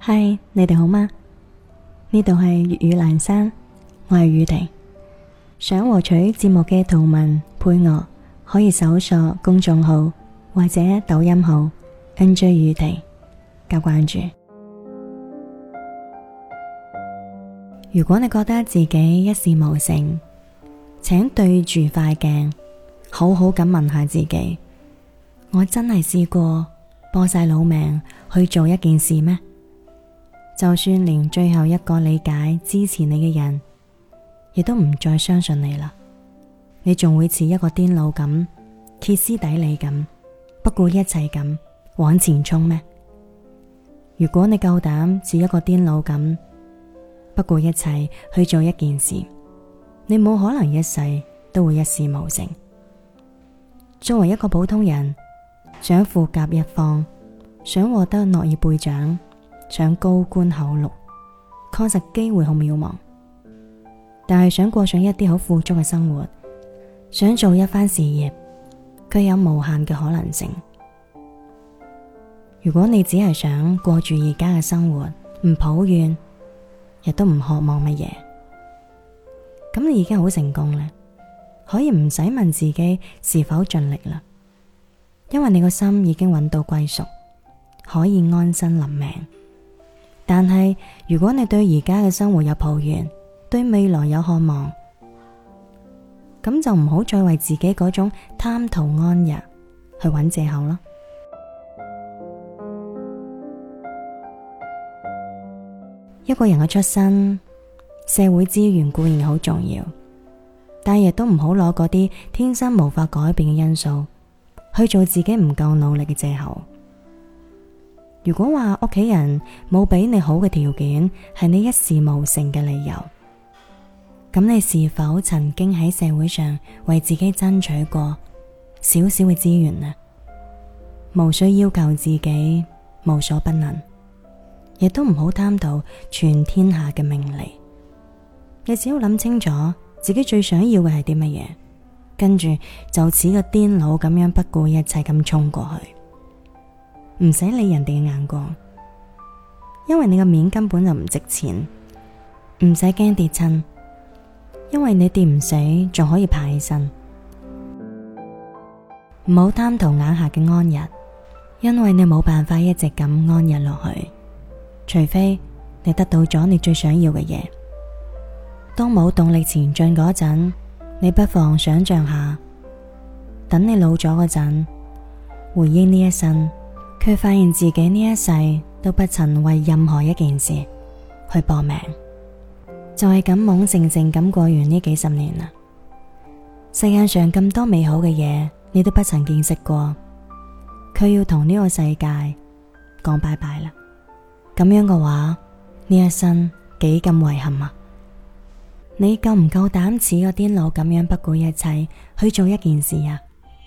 嗨，Hi, 你哋好嗎？呢度係粵語蘭山，我係宇婷。想獲取節目嘅圖文配樂，可以搜索公眾號或者抖音號 NJ 宇婷加關注。如果你覺得自己一事無成，請對住塊鏡，好好咁問下自己：我真係試過搏晒老命去做一件事咩？就算連最後一個理解支持你嘅人，亦都唔再相信你啦。你仲會似一個癲佬咁，歇斯底里咁，不顧一切咁往前衝咩？如果你夠膽似一個癲佬咁，不顧一切去做一件事，你冇可能一世都會一事無成。作為一個普通人，想富甲一方，想獲得諾貝爾獎。想高官厚祿，確實機會好渺茫。但係想過上一啲好富足嘅生活，想做一番事業，卻有無限嘅可能性。如果你只係想過住而家嘅生活，唔抱怨，亦都唔渴望乜嘢，咁你已經好成功啦！可以唔使問自己是否盡力啦，因為你個心已經揾到歸屬，可以安身立命。但係，如果你對而家嘅生活有抱怨，對未來有渴望，咁就唔好再為自己嗰種貪圖安逸去揾借口囉。一個人嘅出身、社會資源，固然好重要，但亦都唔好攞嗰啲天生無法改變嘅因素去做自己唔夠努力嘅借口。如果話屋企人冇俾你好嘅條件，係你一事無成嘅理由，咁你是否曾經喺社會上為自己爭取過少少嘅資源啊？無需要求自己無所不能，亦都唔好貪圖全天下嘅名利。你只要諗清楚自己最想要嘅係啲乜嘢，跟住就似個癲佬咁樣不顧一切咁衝過去。唔使理人哋嘅眼光，因為你個面根本就唔值錢。唔使驚跌親，因為你跌唔死，仲可以爬起身。唔好 貪圖眼下嘅安逸，因為你冇辦法一直咁安逸落去，除非你得到咗你最想要嘅嘢。當冇動力前進嗰陣，你不妨想象下，等你老咗嗰陣，回憶呢一生。佢發現自己呢一世都不曾為任何一件事去搏命，就係咁懵靜靜咁過完呢幾十年啦。世界上咁多美好嘅嘢，你都不曾見識過。佢要同呢個世界講拜拜啦。咁樣嘅話，呢一生幾咁遺憾啊！你夠唔夠膽似個癲佬咁樣不顧一切去做一件事啊？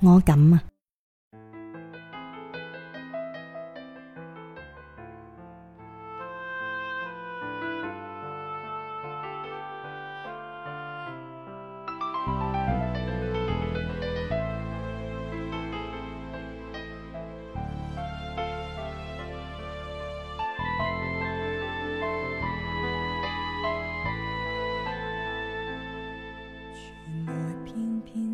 我敢啊！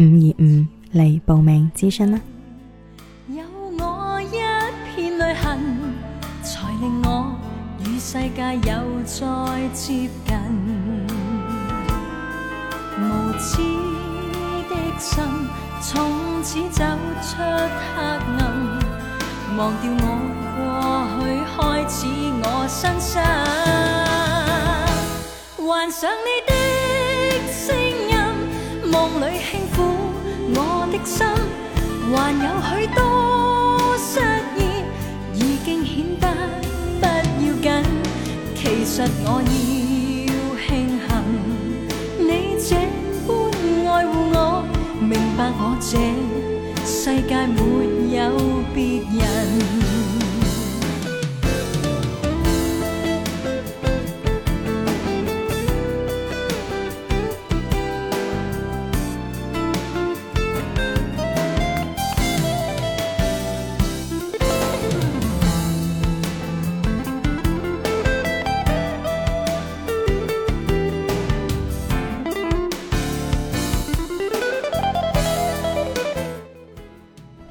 五二五嚟報名諮詢啦！有我我我我一片淚痕，才令我與世界又再接近。無知的的心從此走出黑暗，忘掉我過去開始我身上。幻想你的聲音夢裏，心還有許多失意，已經顯得不要緊。其實我要慶幸你這般愛護我，明白我這世界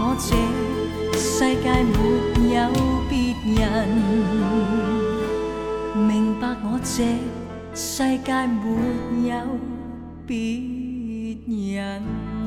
我這世界沒有別人，明白我這世界沒有別人。